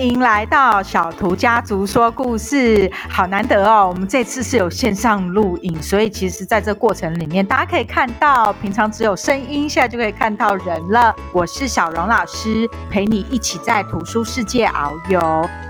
歡迎來到小圖家族說故事，好難得哦！我們這次是有線上錄影，所以其實，在這過程裡面，大家可以看到，平常只有聲音，現在就可以看到人了。我是小蓉老師，陪你一起在圖書世界遨遊。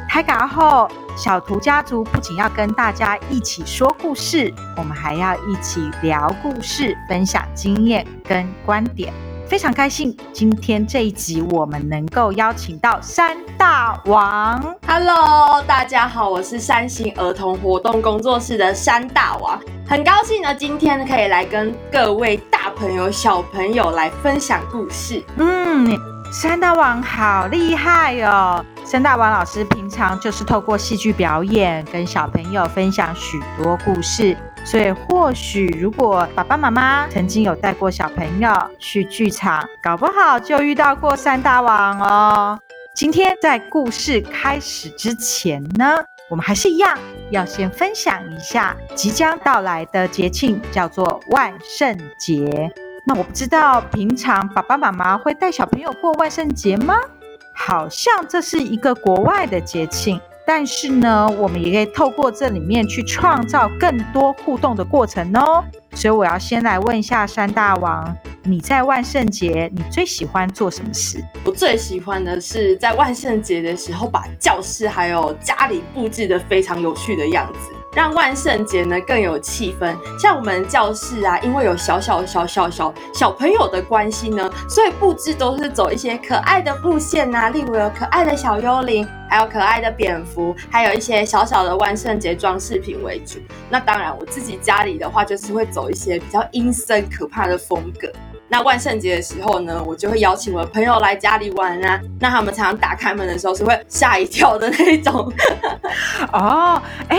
開播後，小圖家族不僅要跟大家一起說故事，我們還要一起聊故事，分享經驗跟觀點，非常開心。今天這一集，我們能夠邀請到三。大王，Hello，大家好，我是山形兒童活動工作室的山大王，很高興呢，今天可以來跟各位大朋友、小朋友來分享故事。嗯，山大王好厲害哦！山大王老師平常就是透過戲劇表演跟小朋友分享許多故事，所以或許如果爸爸媽媽曾經有帶過小朋友去劇場，搞不好就遇到過山大王哦。今天在故事開始之前呢，我們還是一樣要先分享一下即將到來的節慶，叫做萬聖節。那我不知道平常爸爸媽媽會帶小朋友過萬聖節嗎？好像這是一個國外的節慶。但是呢，我們也可以透過這裡面去創造更多互動的過程哦。所以我要先來問一下山大王，你在萬聖節你最喜歡做什麼事？我最喜歡的是在萬聖節的時候，把教室還有家裡布置得非常有趣的樣子。讓萬聖節呢更有氣氛，像我們教室啊，因為有小小小小小小，小，小朋友的關係呢，所以布置都是走一些可愛的路線吶、啊，例如有可愛的小幽靈，還有可愛的蝙蝠，還有一些小小的萬聖節裝飾品為主。那當然，我自己家裡的話，就是會走一些比較陰森可怕的風格。那萬聖節的時候呢，我就會邀請我的朋友來家裡玩啊，那他們常常打開門的時候是會嚇一跳的那種。哦，哎。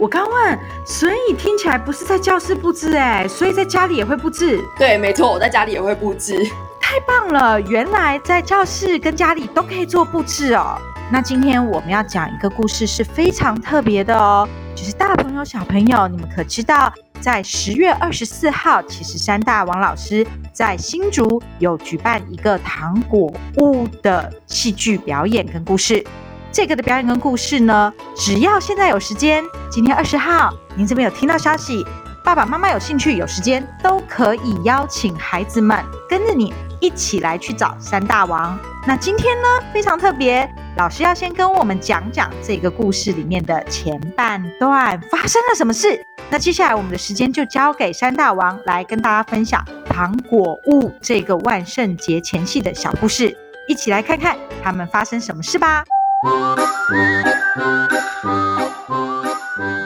我剛問，所以聽起來不是在教室布置，欸，誒。所以在家裡也會布置。對，沒錯，我在家裡也會布置。太棒了，原來在教室跟家裡都可以做布置哦。那今天我們要講一個故事是非常特別的哦，就是大朋友小朋友，你們可知道，在十月二十四號，其實山大王老師在新竹有舉辦一個糖果屋的戲劇表演跟故事。這個的表演跟故事呢，只要現在有時間，今天二十號，您這邊有聽到消息，爸爸媽媽有興趣有時間都可以邀請孩子們跟着你一起來去找山大王。那今天呢，非常特別，老師要先跟我們講講這個故事裡面的前半段發生了什麼事。那接下來我們的時間就交給山大王來跟大家分享糖果屋這個萬聖節前夕的小故事，一起來看看他們發生什麼事吧。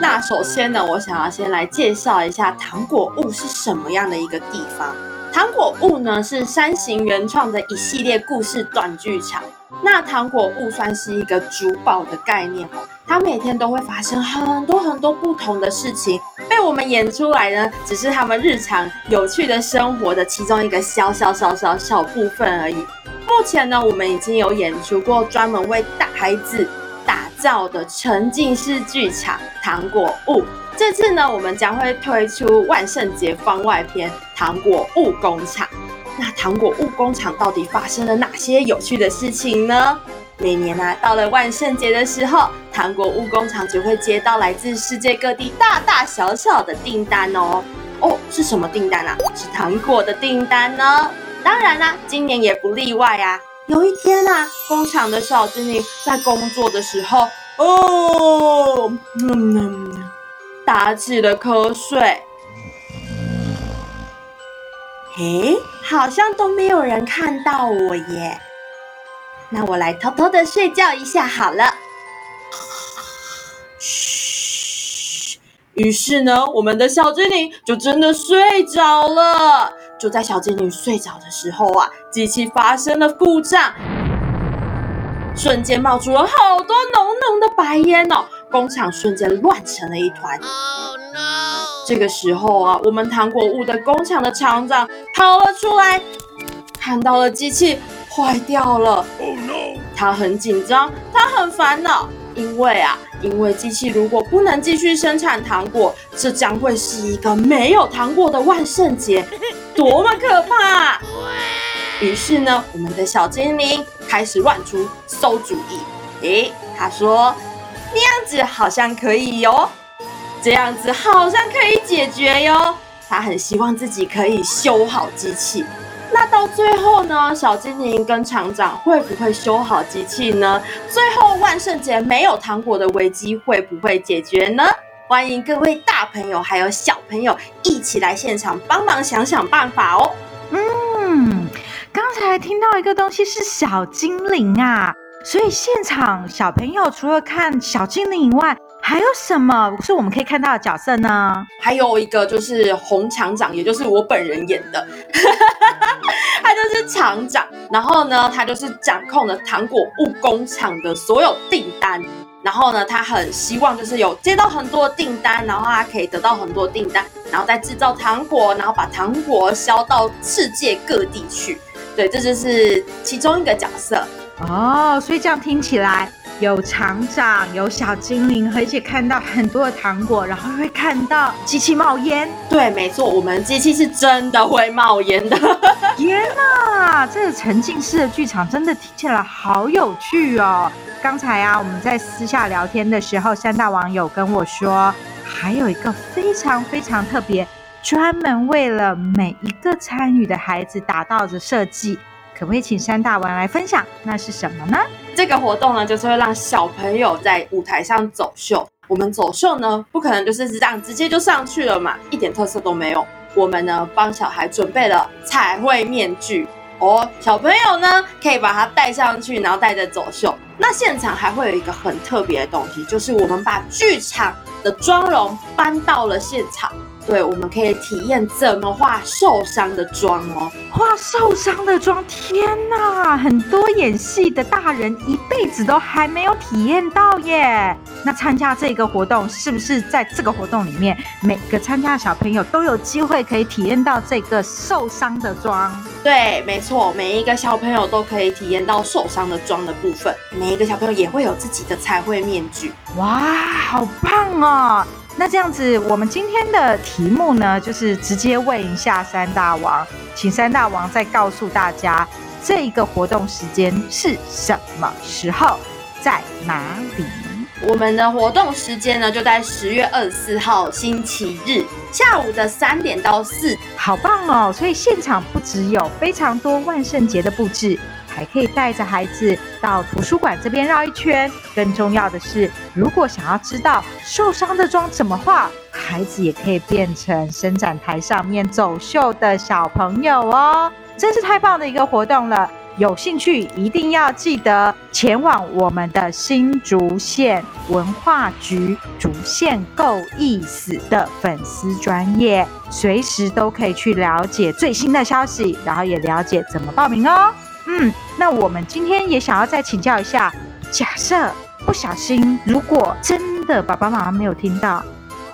那首先呢，我想要先來介紹一下糖果塢是什麼樣的一個地方。糖果塢呢是山形原創的一系列故事短劇場。那糖果塢算是一個珠寶的概念哦，它每天都會發生很多很多不同的事情，被我們演出來呢，只是他們日常有趣的生活的其中一個小小小小小，小部分而已。目前呢，我們已經有演出過專門為大孩子打造的沉浸式劇場《糖果塢》。這次呢，我們將會推出萬聖節番外篇《糖果塢工廠》。那糖果塢工廠到底發生了哪些有趣的事情呢？每年呢、啊，到了萬聖節的時候，糖果塢工廠就會接到來自世界各地大大小小的訂單哦。哦，是什麼訂單啊？是糖果的訂單呢？當然啦，啊，今年也不例外啊！有一天啊，工廠的小精靈在工作的時候，哦，嗯嗯嗯，打起了瞌睡。嘿，好像都沒有人看到我耶，那我來偷偷的睡覺一下好了。噓。 於是呢，我們的小精靈就真的睡着了。就在小精靈睡着的時候啊，機器發生了故障，瞬間冒出了好多濃濃的白煙哦，工廠瞬間亂成了一團。Oh, no. 這個時候啊，我們糖果屋的工廠的廠長跑了出來，看到了機器壞掉了，oh, no. 他很緊張，他很煩惱。因為啊，因為機器如果不能繼續生產糖果，這將會是一個沒有糖果的萬聖節，多麼可怕啊！於是呢，我們的小精靈開始亂出餿主意。哎，他說，那樣子好像可以喲，這樣子好像可以解決喲。他很希望自己可以修好機器。那到最後呢？小精靈跟廠長會不會修好機器呢？最後萬聖節沒有糖果的危機會不會解決呢？歡迎各位大朋友還有小朋友一起來現場幫忙想想辦法哦。嗯，剛才聽到一個東西是小精靈啊，所以現場小朋友除了看小精靈以外，還有什麼是我們可以看到的角色呢？還有一個就是紅廠長，也就是我本人演的。 這是廠長，然後呢，他就是掌控了糖果塢工廠的所有訂單，然後呢，他很希望就是有接到很多訂單，然後他可以得到很多訂單，然後再制造糖果，然後把糖果銷到世界各地去。對，這就是其中一個角色哦，所以這樣聽起來。有廠長，有小精靈，而且看到很多的糖果，然後會看到機器冒煙。對，沒錯，我們機器是真的會冒煙的。 天啊，這個沉浸式的劇場真的聽起來好有趣哦！剛才啊，我們在私下聊天的時候，山大王有跟我說，還有一個非常非常特別，專門為了每一個參與的孩子打造着設計，可不可以請山大王來分享？那是什麼呢？這個活動呢，就是會讓小朋友在舞台上走秀。我們走秀呢，不可能就是這樣直接就上去了嘛，一點特色都沒有。我們呢，幫小孩準備了彩繪面具，哦，小朋友呢可以把它戴上去，然後戴著走秀。那現場還會有一個很特別的東西，就是我們把劇場的妝容搬到了現場。對，我們可以體驗怎麼畫受傷的妝哦，畫受傷的妝，天哪，很多演戲的大人一輩子都還沒有體驗到耶。那參加這個活動，是不是在這個活動裡面，每個參加的小朋友都有機會可以體驗到這個受傷的妝？對，沒錯，每一個小朋友都可以體驗到受傷的妝的部分，每一個小朋友也會有自己的彩繪面具。哇，好棒啊，哦！那這樣子，我們今天的題目呢，就是直接問一下山大王，請山大王再告訴大家，這一個活動時間是什麼時候，在哪裡？我們的活動時間呢，就在十月二十四號星期日下午的三點到四。好棒哦！所以現場不只有非常多萬聖節的布置。還可以帶着孩子到圖書館這邊繞一圈。更重要的是，如果想要知道受傷的妝怎麼化，孩子也可以變成伸展台上面走秀的小朋友哦！真是太棒的一個活動了。有興趣一定要記得前往我們的新竹縣文化局竹縣夠意思的粉絲專頁，隨時都可以去了解最新的消息，然後也了解怎麼報名哦。嗯，那我們今天也想要再請教一下，假設不小心，如果真的，爸爸媽媽沒有聽到。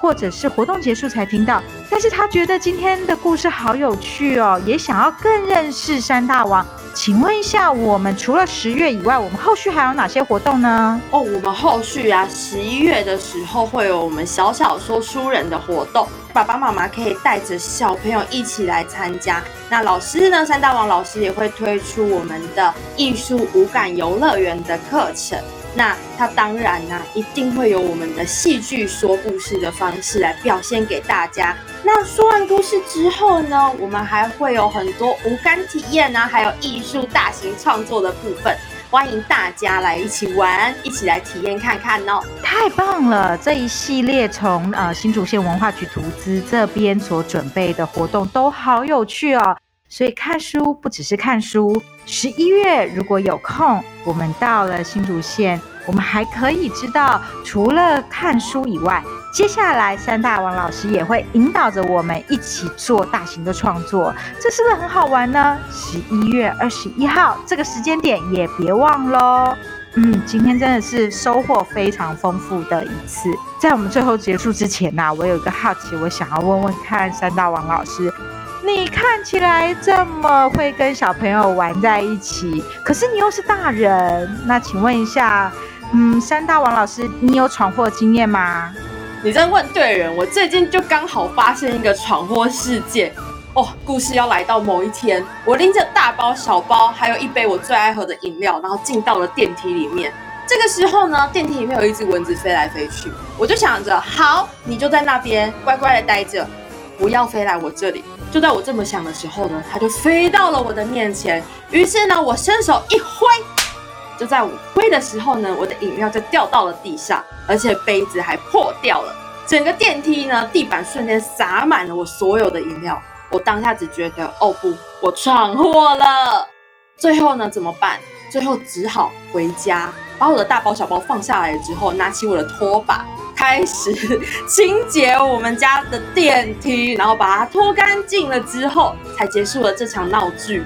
或者是活動結束才聽到，但是他覺得今天的故事好有趣哦，也想要更認識山大王。請問一下，我們除了十月以外，我們後續還有哪些活動呢？哦，我們後續啊，十一月的時候會有我們小小說書人的活動，爸爸媽媽可以帶着小朋友一起來參加。那老師呢，山大王老師也會推出我們的藝術五感遊樂園的課程。那它當然呢、啊，一定會有我們的戲劇說故事的方式來表現給大家。那說完故事之後呢，我們還會有很多無感體驗呢、啊，還有藝術大型創作的部分，歡迎大家來一起玩，一起來體驗看看哦。太棒了！這一系列從呃新竹縣文化局圖資這邊所準備的活動都好有趣哦。所以看書不只是看書。十一月如果有空，我們到了新竹縣，我們還可以知道，除了看書以外，接下來山大王老師也會引導着我們一起做大型的創作，這是不是很好玩呢？十一月二十一號這個時間點也別忘嘍。嗯，今天真的是收穫非常豐富的一次。在我們最後結束之前呢、啊，我有一個好奇，我想要問問看山大王老師。你看起來這麼會跟小朋友玩在一起，可是你又是大人，那請問一下，嗯，山大王老師，你有闖禍的經驗嗎？你在問對人，我最近就剛好發生一個闖禍事件哦。故事要來到某一天，我拎着大包小包，還有一杯我最愛喝的飲料，然後進到了電梯裡面。這個時候呢，電梯裡面有一隻蚊子飛來飛去，我就想着，好，你就在那邊乖乖的待着。不要飛來我這裡！就在我這麼想的時候呢，它就飛到了我的面前。於是呢，我伸手一揮，就在我揮的時候呢，我的飲料就掉到了地上，而且杯子還破掉了。整個電梯呢，地板瞬間灑滿了我所有的飲料。我當下只覺得，哦不，我闖禍了。最後呢，怎麼辦？最後只好回家，把我的大包小包放下來之後，拿起我的拖把。開始清潔我們家的電梯，然後把它拖乾淨了之後，才結束了這場鬧劇。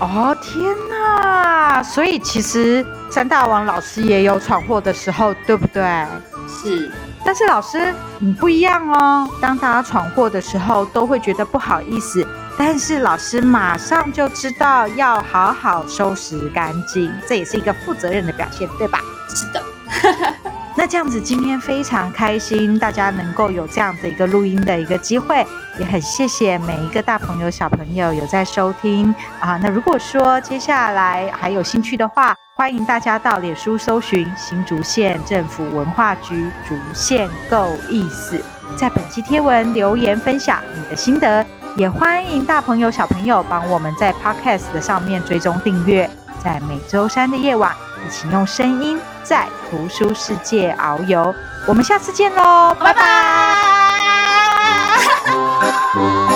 哦天哪！所以其實山大王老師也有闖禍的時候，對不對？是。但是老師你不一樣哦，當大家闖禍的時候都會覺得不好意思，但是老師馬上就知道要好好收拾乾淨，這也是一個負責任的表現，對吧？是的。 那這樣子，今天非常開心，大家能夠有這樣子一個錄音的一個機會，也很謝謝每一個大朋友、小朋友有在收聽啊。那如果說接下來還有興趣的話，歡迎大家到臉書搜尋新竹縣政府文化局竹縣夠意思，在本期貼文留言分享你的心得，也歡迎大朋友、小朋友幫我們在 Podcast 的上面追蹤訂閱，在每周三的夜晚一起用聲音。在圖書世界遨遊，我們下次見嘍，拜拜。